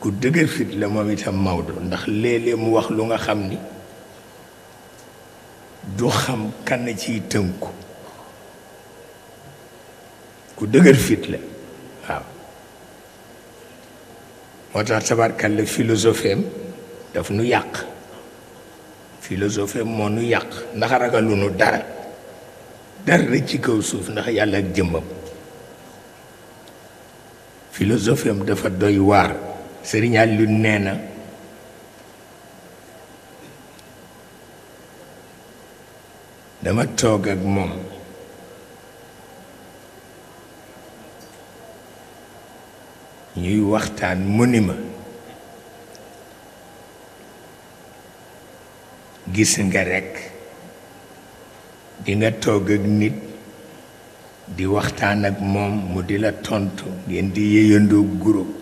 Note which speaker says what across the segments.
Speaker 1: ku dëgër fit la moom itam Maodo ndax léeg-léeg mu wax lu nga xam ni du xam kan ciy tënku ku dëgër fit la waaw moo tax tabarkal la philosophie daf nu yàq philosophie am moo nu yàq ndax ragalu nu dara dara ci kaw suuf ndax yàlla ak jëmmam philosophie am dafa doy waar Sëriñ lu nee na dama toog ak moom ñuy waxtaan mu ni ma gis nga rekk dinga toog ak nit di waxtaan ak moom mu di la tontu ngeen di yëyandoo groupe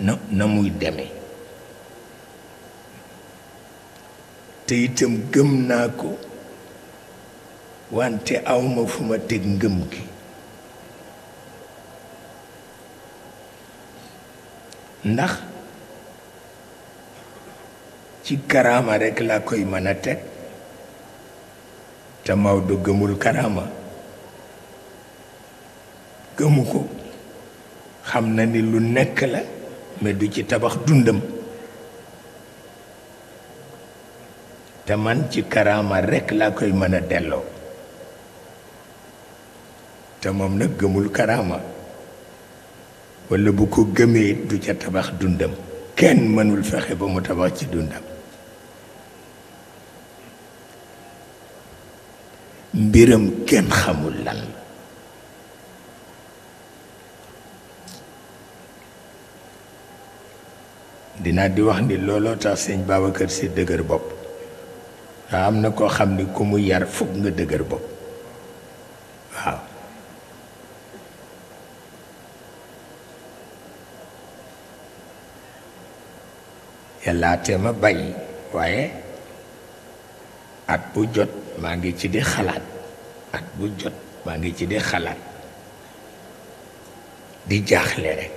Speaker 1: na na muy demee te itam gëm naa ko wante awma fu ma teg ngëm gi ndax ci karama rekk laa koy mëna teg te Maodo gëmul karama gëmu ko xam na ni lu nekk la mais du ci tabax dundam te man ci karaama rekk laa koy mëna delloo te moom nag gëmul karaama walla bu ko gëmee du ca tabax dundam kenn mënul fexe ba mu tabax ci dundam mbiram kenn xamul lan dinaa di wax ni looloo tax sëñ Babacar si dëgër bopp waaw am na koo xam ni ku mu yar foog nga dëgër bopp waaw yàllaatee ma bàyyi waaye at bu jot maa ngi ci di xalaat at bu jot maa ngi ci di xalaat di jaaxle rek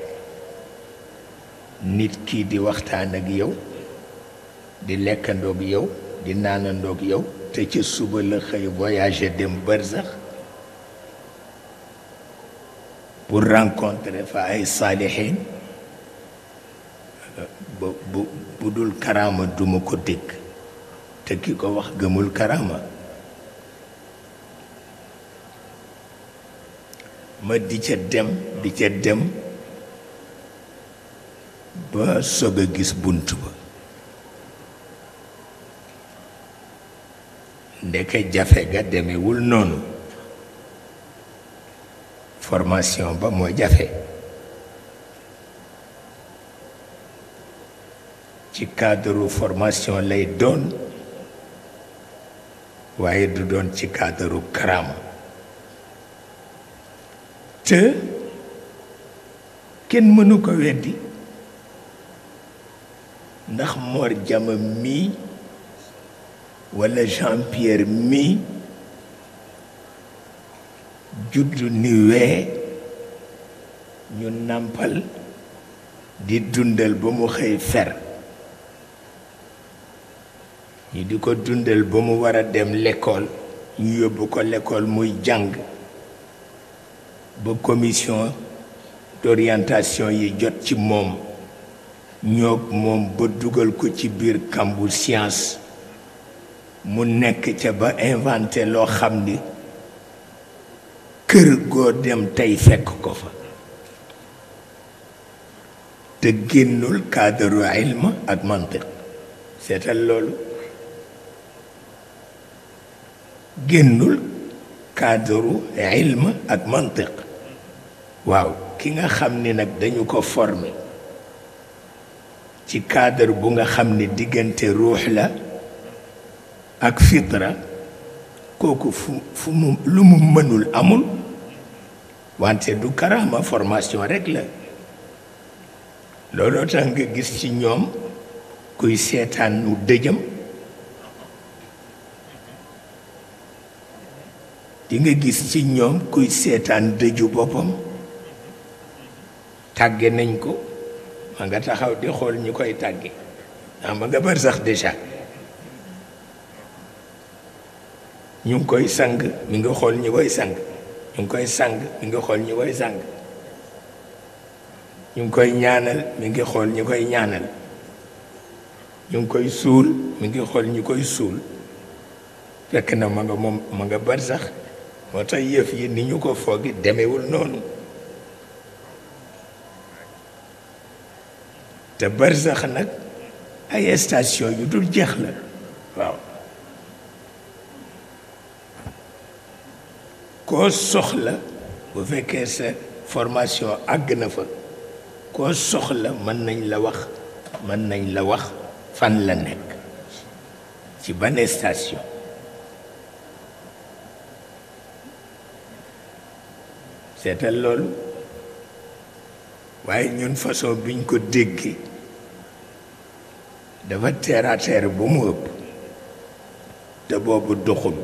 Speaker 1: nit kii di waxtaan ak yow di lekkandoog yow di naanandoog yow te ci suba la xëy voyagé dem barsax pour rencontrer fa ay saalixiin bu bu bu dul karaama duma ko dégg te ki ko wax gëmul karaama ma di ca dem di ca dem ba sog a gis bunt ba ndeke jafe ga demewul noonu formation ba moo jafe ci cadre formation lay doon waaye du doon ci kaadaru karam te kenn mënu ko weddi ndax Mor Jama mi wala Jean Pierre mi juddu ni wee ñu nampal di dundal ba mu fer dundal ba mu a dem ko commission d'orientation yi ñok mom ba duggal ko ci bir kambu science mu nek ci ba inventer lo xamni ni kër goo dem tay fekk ko fa te génnul cadre ilma ak mantiq setal lolu génnul cadre ilma ak mantiq waaw ki nga xamni nak dañu ko former ci cadre bu nga xam ni diggante ruux la ak fitra kooku fu fu mu mënul amul wante du karaama formation rek la looloo tax nga gis ci ñoom kuy seetaan nu dëjëm di nga gis ci ñoom kuy seetaan dëju boppam tàgge nañ ko ma nga taxaw di xool ñu koy tàgge ma nga bër sax déjà ñu ngi koy sang mi nga xool ñi koy sang ñu ngi koy sang mi nga xool ñu koy sang ñu ngi koy ñaanal mi ngi xool ñi koy ñaanal ñu ngi koy suul mi ngi xool ñi koy suul fekk na ma nga moom ma nga bër sax moo tax yëf yi ni ñu ko foogi demewul noonu te barzakh nak ay station yu dul jeex la waaw ko soxla bu fekke sa formation àgg na fa ko soxla man nañ la wax man nañ la wax fan la nek ci ban station seetal loolu waye ñun façon biñ ko déggé dafa teer a teer bu mu ëpp te boobu doxul